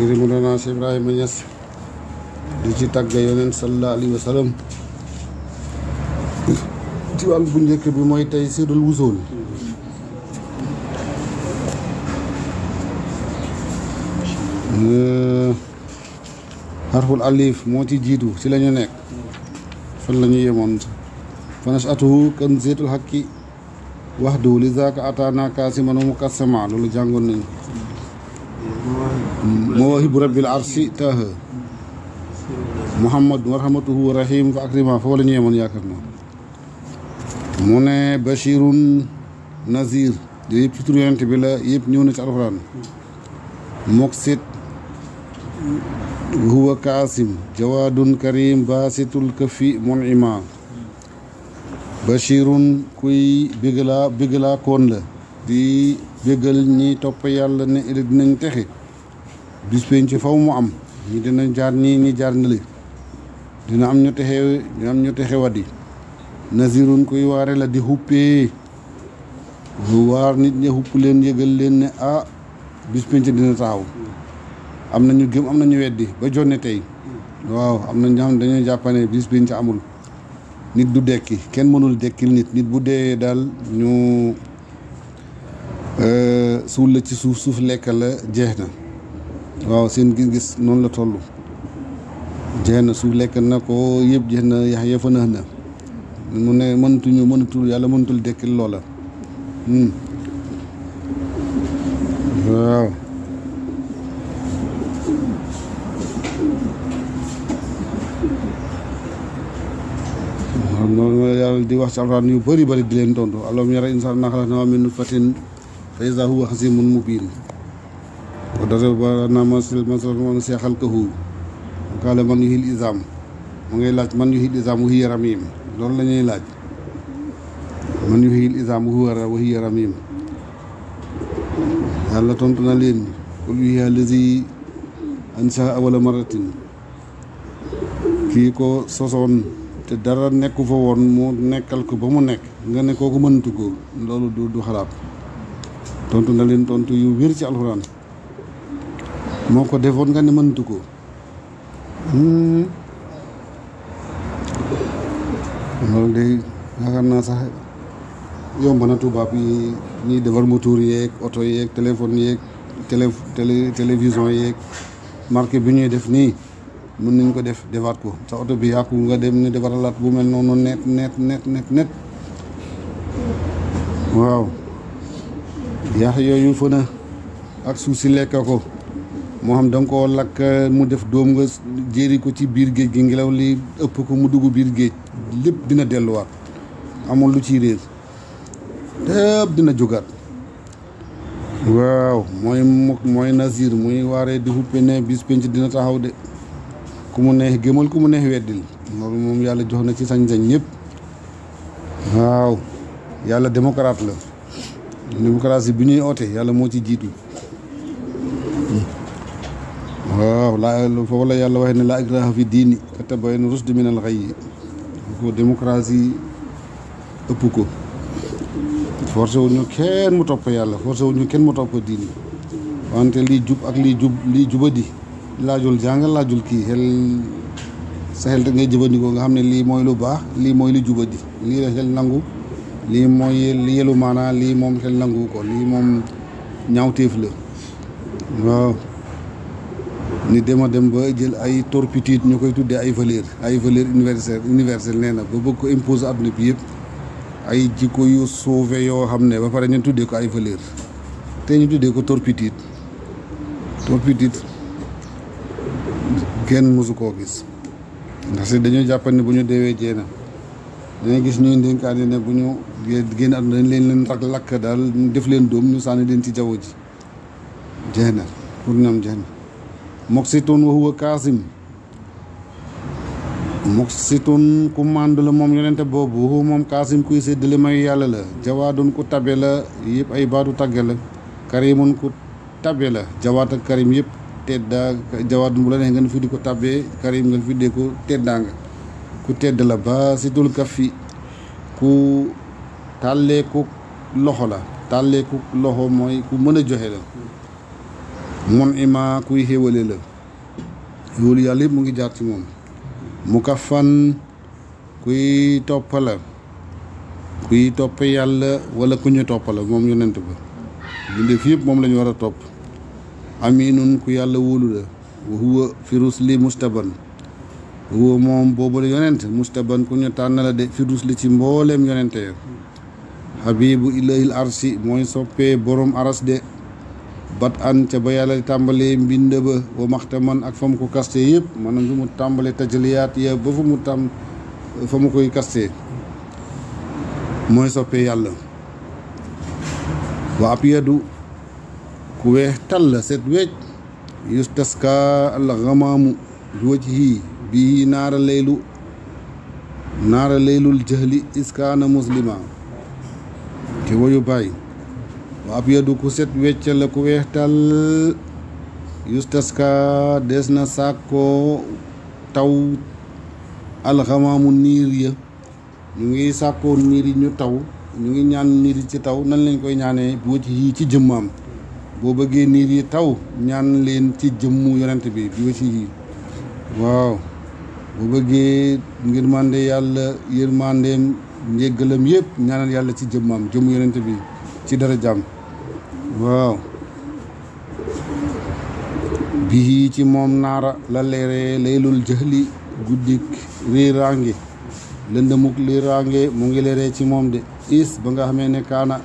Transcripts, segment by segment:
ngir Mawlana Cheikh ibrahim Niass di ci tàgga yonent sallallahu alaihi wasallam ci wal bu njëkk bi moy tay sirul wusul harful alif moo ci jiitu ci lañu ñu nekk fan lañu ñu fanas atuhu kan zaitul haqqi wahdu du atana zaaka ataana kaasiman wa mukassama loolu nañu mawaahibu rabbil arsi taaha muhammad wa rahmatuhu wa rahim fa akrima foofu la ñu yemoon yaakaar naa mu ne bashirun nazir di yëpp ci tur bi la yëpp ñëw na ci alxuraan moksit huwa kaasim jawaadun karim baasitul kafi munima bashirun kuy bégalaa la di bégal ñi topp yàlla ne dinañ texe bis penc faw mu am ñi dina jaar nii ñi jaar nële dina am ñu texe dina am ñu texe wadi nazirun kuy waare la di huppé xuppee waar nit ñi hupp leen yëgal leen ne ah bis penc dina taxaw am na ñu gëm am na ñu weddi ba jonne tey waaw am na ñam dañu dañoo jàppane bis penc amul nit du dekki kenn mënul dekkil nit nit bu dee daal ñu euh suul la ci suuf suuf lekk la jeex na waaw seen gis-gis noonu la toll jeex na su lekk na ko yëpp jeex na yax ya fa nax na mu ne mënatuñu mënatul yàlla mënatul dekkil loola hmm. waaw loolu yàlla di wax ci alxuraan yu bëri bëri di leen tontu alam yara insaan naa xalaqnaa min nutfatin fa izaa huwa xasiimun mubiin وضرب لنا مثلا نسي خلقه وقال من يحيي العظام mu ngay laaj man yuhil isaam wa hiya ramim loolu la ñuy laaj man yuhil isaam wa yaram ramim yàlla tontu na leen qul yuhyiha allazi ansaha awwala ko sosoon te dara nekku fa woon mu nekkal ko ba mu nekk nga ne kooku mënatu ko loolu du du xalaat tontu na leen tontu yu wér ci alxuraan moo ko defoon nga ne mëntu ko hmm. loolu de yaakaar naa sax yomb na tubaab yi ñuy defar moteur yeeg oto yeeg téléphone yéeg télé télé télévision yeeg marque bi ñuy def nii mën nañ ko def defaat ko sa oto bi yàqu nga dem ne defaralaat bu mel noonu net net net net net waaw yaax yooyu fën ak suuf si ko moo xam da nga lakk mu def doom nga jéeri ko ci biir géej gi ngelaw li ëpp ko mu dugg biir géej lépp dina delluwaat amul lu ci réer lépp dina jógaat waaw mooy mooy nasir muy waaree di xuppe ne bis penc dina taxaw de ku mu neex gëmal ku mu neex weddil loolu moom yàlla jox na ci sañ-sañ ñëpp waaw yàlla démocrate la démocratie bi ñuy oote yàlla moo ci jiitu waaw laa foofu la yàlla waxee ne laa ikraaha fi diini qad tabayyana rusdu minal ghayyi ko démocratie ëpp ko forcé wuñu kenn mu topp yàlla forcé wuñu kenn mu topp diini wante lii jub ak lii jub lii jubadi laajul jàng laajul kii xel sa jëfandikoo nga xam ne lii mooy lu baax lii mooy lu jubadi lii la xel nangu lii mooy li yelu maanaa lii moom xel nangu ko lii moom ñaawteef la waaw ni dema dem ba jël ay turpitude ñu koy tuddee ay valeur ay valeur universel universel nee na ba bëgg ko imposer adduna bi yëpp ay jikko yu sauvé yoo xam ne ba pare ñu tuddee ko ay valeur te ñu tuddee ko turpitude turpitude kenn mosu koo gis ndax si dañoo jàppan ne bu ñu deewee jee dañu dañuy gis ñuy ndénkaane ne bu ñu génn àdduna dañ leen leen lakk daal def leen dóom ñu sànni leen ci jaww ji jeex pour ñoom jeex muksitun wa huwa kaasim muksitun ku màndu la moom yonente boobu waxu moom kaasim kuy séddale mayu yàlla la jawaadun ku tabe la yëpp ay baatu tagge la karimun ku tabe la jawaat ak karim yëpp teddaa jawaadun bu la neex nga fi di ko tabee karim nga fi dee ko teddaa nga ku tedd la baasitul kafi ku tàlleeku loxo la tàlleeku loxo mooy ku mën a joxe la mun ima kuy xéewale la loolu yàlla yëpp mu ngi jaar ci moom mu ka fan kuy topp la kuy topp yàlla wala ku ñu topp la moom yonent ba bindéef yëpp moom lañu war a topp aminun ku yàlla wóolu la wa huwa fi rusli mustaban moom boobu la yonent mustaban ku ñu tànn la de fi rusli ci mbooleem yonente ya habibu ilahil arsi mooy soppee borom aras de bat an ca ba yàlla tàmbalee mbind ba wa maxte man ak fa mu ko kaste yëpp maanaam fi tàmbalee tajaliyaat ya ba fa mu tàm fa mu koy kaste mooy soppee yàlla wa ab yadu ku weex tal la set weej yustaska al xamaamu bi wajhi naara leylu naara leylul jahli iskaana muslima te wayu bàyyi Abia kuset weccal ko wehtal yustaska desna sàkkoo taw alxamaamu niir ya ñu ngi sàkkoo niir yi ñu taw ñu ngi ñaan niir yi ci taw nan lañ koy ñaanee boo ci yii ci jëmmaam boo bëggee niir yi taw ñaan leen ci jëmmu yonent bi boo ci yii waaw boo bëggee ngir mànde yàlla yërmandeem njéggalam yëpp ñaanal yàlla ci jëmmaam jëmmu yonent bi ci dara jàmm Wow. Bihi ci mom nara la lere laylul jëxli guddik riiraange lëndëmuk riiraange mu ngi lere ci mom de is ba nga xamé ne kana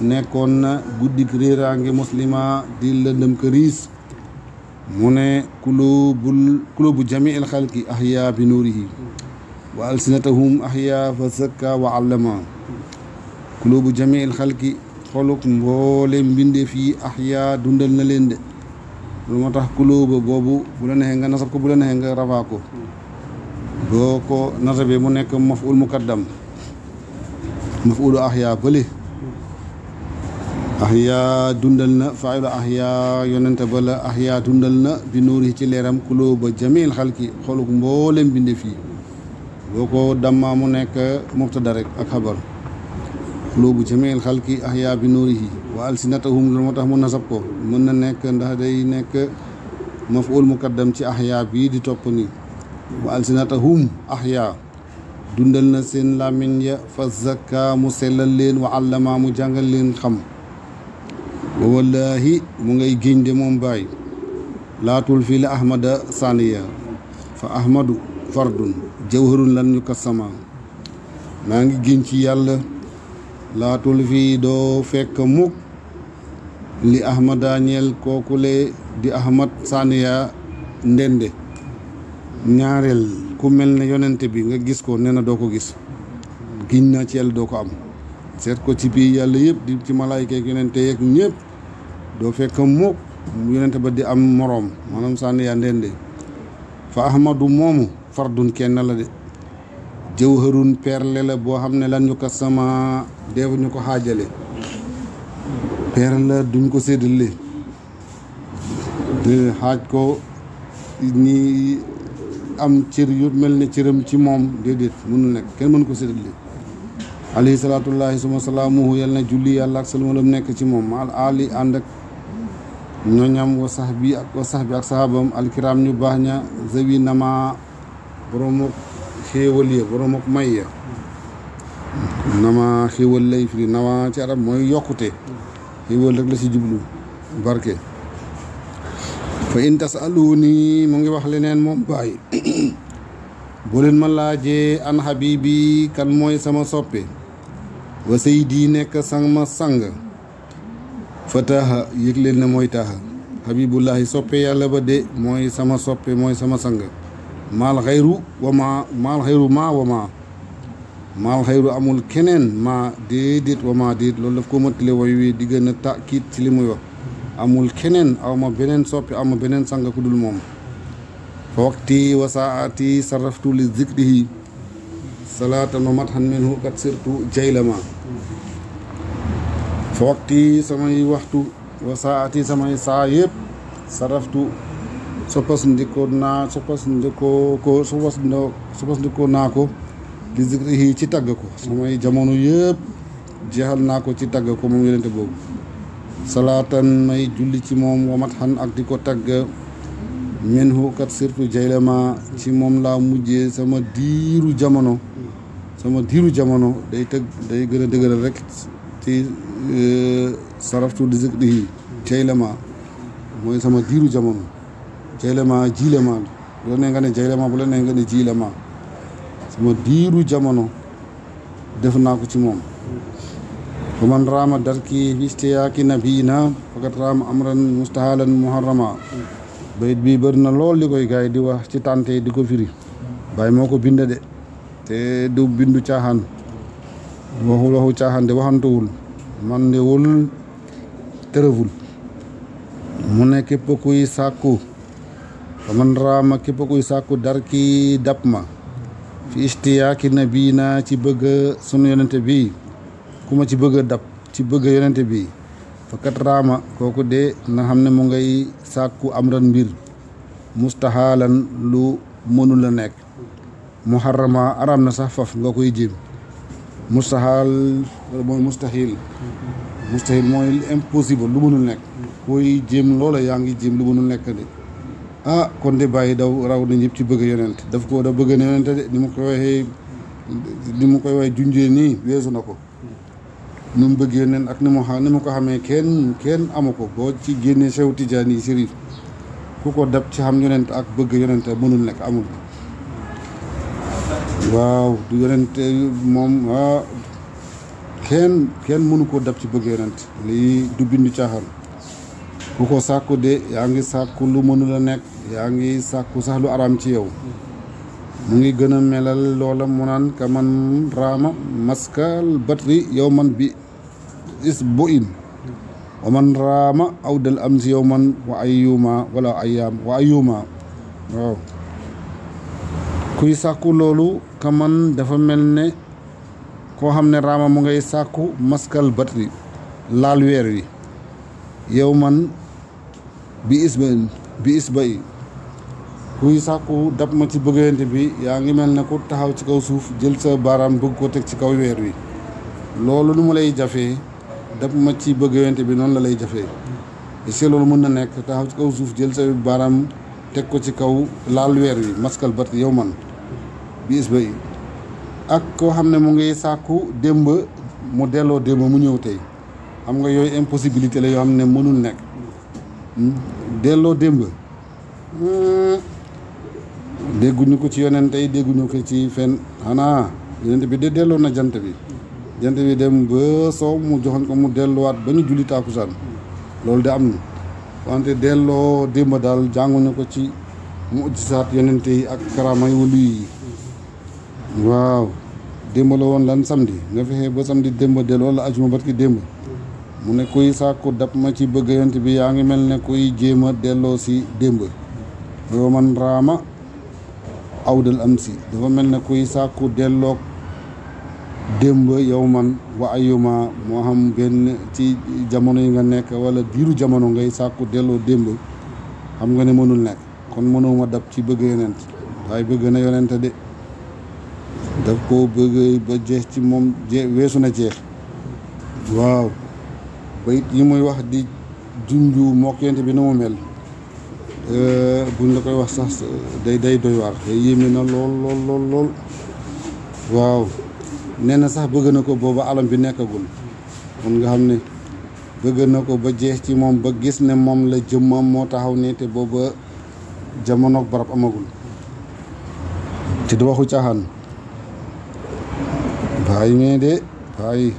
nekkoon na guddik riiraange muslima di lëndëm ke ris ne kulubul kulubu jami'il khalqi ahya bi nuurihi wa alsinatuhum ahya fa zakka wa allama kulubu jami'il khalqi xoluk mboolem mbindeef yi axyaa dundal na leen de loolu moo tax kulóoba boobu bu la neexee nga nasab ko bu la neexee nga rafaa ko boo ko nasabee mu nekk maful mukaddam mafulu axyaa bële axyaa dundal na faayilu axyaa yonente ba la axyaa dundal na bi nuuri ci leeram kulóoba jamil xalki xoluk mboolem mbindeef yi boo ko dammaa mu nekk mubtada rek ak xabar xuloobu jamiil xalqi ahyaa bi nuurihi wa alsinatahum loolu moo tax mu nasab ko mën na nekk ndax day nekk mafuul mukaddam ci ahyaa bii di topp ni wa alsinatahum ahyaa dundal na seen làmmiñ ya fa zakka mu sellal leen wa allama mu jàngal leen xam wa wallaahi mu ngay géñ de moom bàyyi laatul fii la ahmada saniya fa ahmadu fardun jawharun lan ñu kasama maa ngi géñ ci yàlla laatul fii doo fekk mukk li ahmada ñeel kookule di ahmad saniya ndende ñaareel ku mel ne yonent bi nga gis ko nee doo ko gis giñ na ci doo ko am seet ko ci biir yàlla yëpp di ci malaayka ak yonente yeeg doo fekk mukk yonente ba di am moroom maanaam saniya ndende fa ahmadu moomu fardun kenn la de jawharun perle la bo xamne lan ñu ko sama deew ñu ko xaajale perle duñ ko séddale haaj ko ni am ciir yu melni ne ci mom déedéet mënul nek kenn mënu ko séddale alayhi salaatullahi suma salaamuhu yal na julli yàlla ak lam nek ci mom al ali and ak ñoñam wa sahbi ak wa sahbi ak sahabam al kiram ñu baax ña zawi nama borom xéewal ya borom ak may ya namaa xéewal lay firi namaa ci arab mooy yokkute xéewal rek la si jublu barke fa in tas aluni mu ngi wax leneen moom bàyyi bu leen ma laajee an habibi kan mooy sama soppe wa say di nekk sang ma sang fa taaxa yëg leen ne mooy taaxa habibullahi soppe yàlla ba de mooy sama soppe mooy sama sang maal xayru wa ma maal wa ma maal xayru amul keneen ma déedéet wa ma déet loolu daf ko mëttale way wi di gën tàkkiit ci li muy wax amul keneen aw ma beneen soppi aw ma beneen sang ku dul moom fa waxti wa saati sarraftu li zikrihi salaatan wa matxan minhu kat sirtu jaylama fa waxti samay waxtu wa saati samay saa yëpp sarraftu soppasandiku naa soppasandiku ko soppasandiku naa ko li zikrihi ci tagg ko samay jamono yëpp jeexal naa ko ci tagg ko moom yonente boobu salaatan may julli ci moom wamat xan ak di ko tagg minhu kat surtout jaylama ci moom laa mujjee sama diiru jamono sama diiru jamono day tëgg day gën a dëgëral rek ci euh, saraftu li zikrihi jaylama mooy sama diiru jamono Jeylema Jiilema bu la nee nga ne Jeylema bu la nee nga ne Jiilema sama diiru jamono def naa ko ci moom fa man raama darki bistiyaaki nabiina fakat raama amran mustahalan muharrama bayit bi bëri na lool li koy gaay di wax ci tànte di ko firi bàyyi moo ko bind de te du bindu caaxaan waxul waxu caaxaan de waxantewul mandewul tërëful mu ne képp kuy sàkku faman raama képp kuy sàkku dar ki dàpp ma fi istiyaaki na bii naa ci bëgg sunu yonente bi ku ma ci bëgg dàpp ci bëgg yonente bi fakat raama kooku de na xam ne mu ngay sàkku am ran mbir mustaxaalan lu mënul a nekk muharrama araam na sax faf nga koy jéem mustaxaal wala mooy mustaxil mustaxil mooy impossible lu mënul nekk koy jéem loola yaa ngi jéem lu mënul nekk de ah kon de bàyyi daw raw nañ ñëpp ci bëgg yonent daf ko da bëgg yonent de ni mu koy waxee ni mu koy waxee junjee nii weesu na ko nu mu bëgg yonent ak ni mu xam ko xamee kenn kenn amu ko boo ci génnee sew tijaan yi sëriñ ku ko dab ci xam yonent ak bëgg yonent mënul nekk amul waaw du yonent moom ah, kenn kenn mënu koo dab ci bëgg yonent lii du bindu caaxaan ku sakku de yangi sakku lu mënula la nek ngi sakku sax lu aram ci yow mu ngi gëna melal lolam mu nan ka man rama maskal batri yow man bi is boin in wa man rama awdal am yow man wa ayuma wala ayyam wa ayuma waw kuy sakku loolu ka man dafa melne ko xamne rama mu ngay sakku maskal batri lal wer wi yow man bi isbayin bi isbayi kuy sàkku dab ma ci bëggante bi yaa ngi mel ne ku taxaw ci kaw suuf jël sa baaraam bëgg ko teg ci kaw weer wi loolu nu mu lay jafee dab ma ci bëggante bi noonu la lay jafee est-ce loolu mën na nekk taxaw ci kaw suuf jël sa baaraam teg ko ci kaw laal weer wi maskal bat yow man bi isbayi ak koo xam ne mu ngi sàkku démb mu delloo démb mu ñëw tey xam nga yooyu impossibilité la yoo xam ne mënul nekk delloo démb hmm. dégguñu ko ci yonent yi dégguñu ko ci fen xanaa yonent bi de delloo na jant bi jant bi dem ba soow mu joxoon ko mu delluwaat ba ñu julli tàkkusaan loolu de am na wante delloo démb daal jànguñu ko ci mu ujisaat yonent yi ak karaamay wëlu yi waaw démb la woon lan samedi nga fexe ba samedi démb delloo la ajuma barki démb mu ne kuy sàkku dab ma ci bëgg yonent bi yaa ngi mel ne kuy jéem a delloo si démb yow man raama awdal am si dafa mel ne kuy sàkku delloog démb yow man wa ayuma moo xam benn ci jamono yi nga nekk wala diiru jamono ngay sàkku delloo démb xam nga ne mënul nekk kon mënuma dab ci bëgg yonent waaye bëgg na yonent de daf koo bëgg ba jeex ci moom na jeex waaw bayit yi muy wax di junju mook yonent bi na mu mel euh, buñ la koy wax sax day day doy waar day yéeme na lool lool lool waaw nee na sax bëgg na ko booba alam bi nekkagul kon nga xam ne bëgg na ko ba jeex ci moom ba gis ne moom la jëmmam moo taxaw ne te booba jamonoog barab amagul te du waxu caaxaan bàyyi nee de bàyyi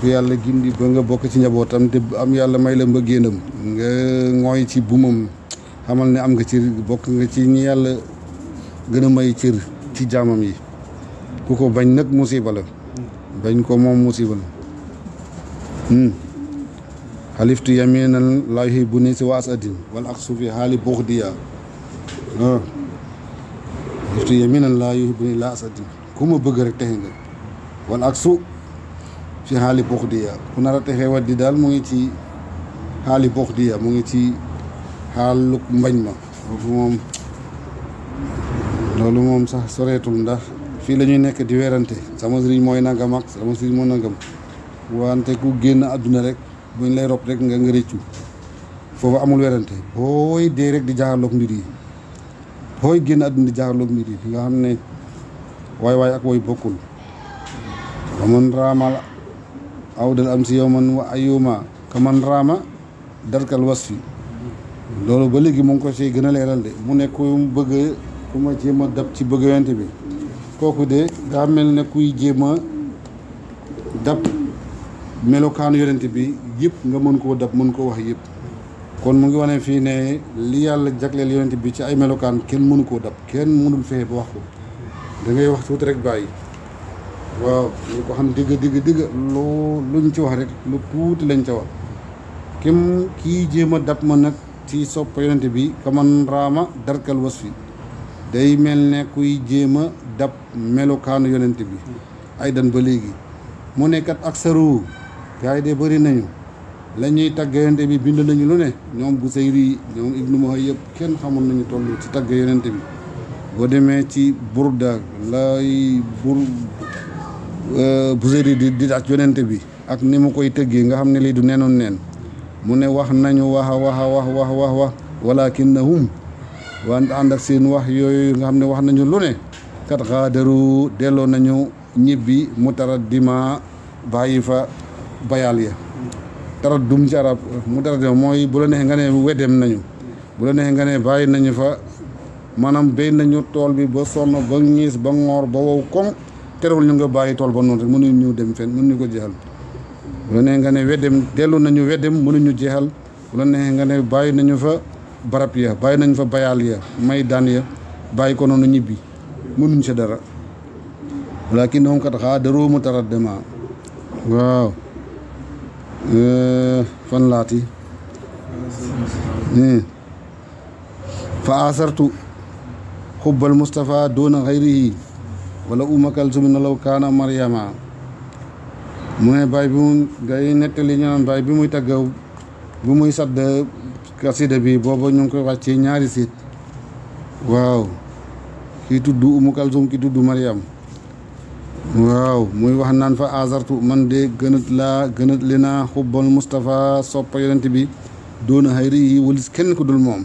ku yàlla gindi ba nga bokk ci njabootam te am yàlla may la mbëggeenam nga ngooy ci buumam xamal ne am nga cër bokk nga ci ñi yàlla gën a may cër ci jaamam yi ku ko bañ nag musiba la bañ ko moom musiba la xaliftu hmm. yaminan laa bu ni si waas addin wal ak suufi xaali buux diya xaliftu ah. yaminan laa yuhibbu ni laa as addin ku ma bëgg rek texe nga wal ak su ci halibok dia, ku nar a texee di dal mo ngi ci haluk buxdiya mo ngi ci halu mbagn ma foofu moom loolu sax soretul ndax fi lañuy nek di werante sama sëriñ moy nangam ak sama sëriñ mo nangam wante ku genn aduna rek buñ lay rop rek nga nga fofu amul werante boy dé rek di jaarlok mbir yi boy genn aduna di jaarlok mbir yi nga xamné ne way ak way bokul amoon aw awdal am si yow man wa ayuma ka man raama darkal wasfi loolu ba léegi mu ngi ko ci gën a leeral de mu ne ku bëgg ku ma jéem dab ci bëgg yonent bi kooku de daa mel ne kuy jéem a dab melokaanu yonent bi yépp nga mën koo dab mën koo wax yëpp kon mu ngi wane fii ne li yàlla jagleel yonent bi ci ay melokaan kenn mënu koo dab kenn mënul fexe ba wax ko da wax tuuti rek bàyyi waaw ñu ko xam digg digg digg lu luñ ci wax rek lu tuuti lañ ca wax kim kii jéem a dab ma nag ci sopp yonent bi kaman raama darkal wasfi day mel ne kuy jéem a dab melokaanu yonent bi ay dan ba léegi mu nekkat ak saru gars yi de bari nañu lañuy ñuy tagg yonent bi bind nañu lu ne ñoom bu Busayri ñoom ibnu Mahay yëpp kenn xamoon nañu toll ci tagg yonent bi boo demee ci burda lay bur Euh, Busiri di di ak yonent bi ak ni mu koy tëggee nga xam ne lii du nenoon neen mu ne wax nañu wax a wax a wax wax wax wax walakinnahum wante ànd wax yooyu nga xam ne wax nañu lu ne kat xaadaru delloo nañu ñibbi mu tara dima bàyyi fa bayal ya tara dum ci arab mu tara dima mooy bu la neexee nga ne weddem nañu bu la neexee nga ne bàyyi nañu fa maanaam béy nañu tool bi ba sonn ba ñiis ba ŋoor ba wow koŋ terewul ñu nga bàyyi tool ba noonu rek mënuñu dem fenn mënuñu ko jeexal bu la nee nga ne weddem dellu nañu weddem mënuñu jeexal bu la nee nga ne bàyyi nañu fa barab ya bàyyi nañu fa bayaal ya may daan ya bàyyi ko noonu ñibbi mënuñ sa dara walakinahum qad xaadaru mutaraddama waaw eh, fan laati eh. fa asartu xubbal Mustafa doona xayrihi wala uma kalsum nelaw kaana mariama mu ne baay bi mu ngay nettali ñu baay bi muy tagg bi muy sadd kasida bi booba ñu ngi koy wàccee ñaari siit waaw kii tudd umu kalsum ki tudd mariam waaw muy wax naan fa azartu man de gënat laa gënat li naa xubbal Moustapha soppa yonent bi doona xayri yi walis kenn ku dul moom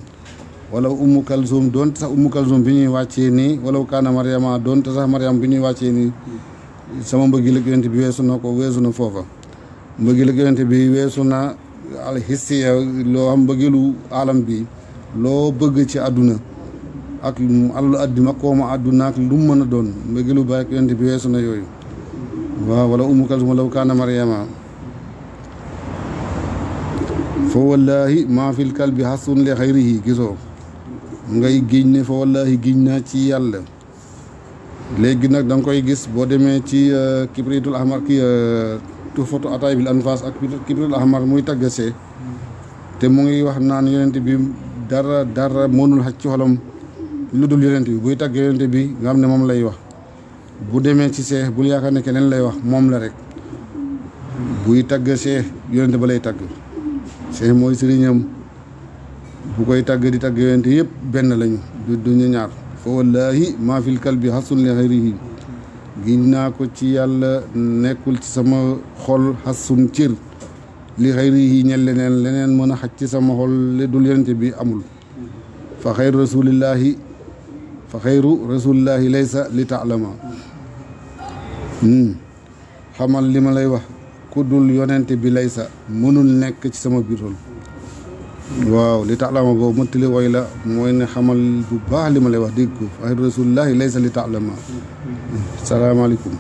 wala ummu kalsum doonte sax ummu kalsum bi ñuy wàccee nii wala kaana mariama doonte sax mariam bi ñuy wàccee nii sama mbëggi la yonent bi weesu na ko weesu na foofa mbëggi la yonent bi weesu na alxissiya loo xam mbëggilu alam bi loo bëgg ci àdduna ak alalu addima kooma àdduna ak lu mën a doon mbëggilu baay ak yonent bi weesu na yooyu waaw wala ummu kalsum wala kaana mariama fa wallahi maa fil kalbi xasun li xayrihi gisoo ngay giñ ne fa wallahi giñ naa ci yàlla léegi nag danga koy gis boo demee ci euh, kibritul ahmar ki euh, foto ataay bil anfas ak kibritul ahmar muy taggasee te mu ngi wax naan yonent bi dara dara mënul xaj ci xolam lu dul yonent bi buy tagg yonent bi nga xam ne moom lay wax bu demee ci seex bul yaakaar ne keneen lay wax moom la rek buy tagg seex yonent ba lay tagg seex mooy sëriñam bu koy tàgg di tàgg yonent yëpp benn lañu du duñu ñaar fa wallaahi maa fil kalbi xasun li xayrihi giñ naa ko ci yàlla nekkul ci sama xol xasun cër li xayrihi ñel leneen leneen mën a xaj ci sama xol li dul yonent bi amul fa xayru rasulillahi fa xayru rasulillahi laysa li taalama hmm. xamal li ma lay wax ku dul yonent bi laysa mënul nekk ci sama biir xol waaw li taalama boobu mëttali woy la mooy ne xamal bu baax li ma lay wax dégg ko ay rasulillahi laysa li taalama salaamaaleykum